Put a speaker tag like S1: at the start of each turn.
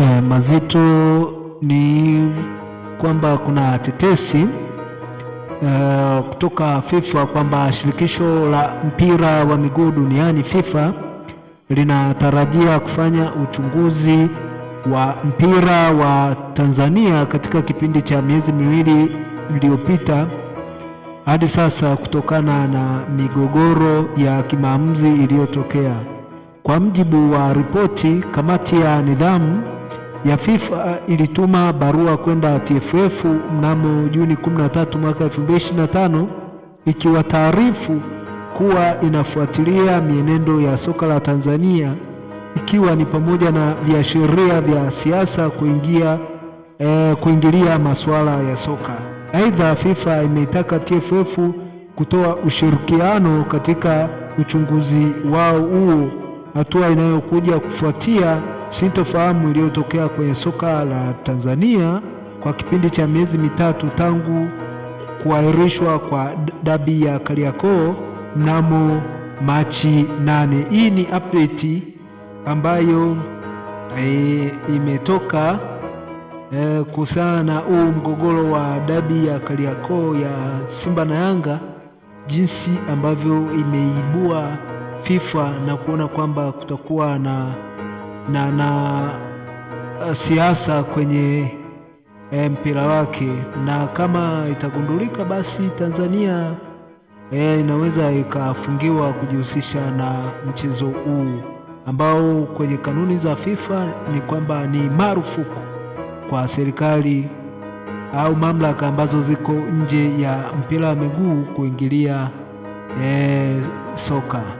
S1: e, mazito ni kwamba kuna tetesi e, kutoka FIFA kwamba shirikisho la mpira wa miguu duniani FIFA linatarajia kufanya uchunguzi wa mpira wa Tanzania katika kipindi cha miezi miwili iliyopita hadi sasa kutokana na migogoro ya kimaamuzi iliyotokea. Kwa mjibu wa ripoti, kamati ya nidhamu ya FIFA ilituma barua kwenda TFF mnamo Juni 13 mwaka 2025 ikiwataarifu kuwa inafuatilia mienendo ya soka la Tanzania ikiwa ni pamoja na viashiria vya siasa kuingia e, kuingilia masuala ya soka. Aidha, FIFA imeitaka TFF kutoa ushirikiano katika uchunguzi wao huo, hatua inayokuja kufuatia sintofahamu iliyotokea kwenye soka la Tanzania kwa kipindi cha miezi mitatu tangu kuahirishwa kwa dabi ya Kariakoo mnamo Machi nane. Hii ni update ambayo e, imetoka e, kuhusiana na huu mgogoro wa dabi ya Kariakoo ya Simba na Yanga, jinsi ambavyo imeibua FIFA na kuona kwamba kutakuwa na na, na uh, siasa kwenye e, mpira wake, na kama itagundulika basi Tanzania e, inaweza ikafungiwa kujihusisha na mchezo huu ambao kwenye kanuni za FIFA ni kwamba ni marufuku kwa serikali au mamlaka ambazo ziko nje ya mpira wa miguu kuingilia e, soka.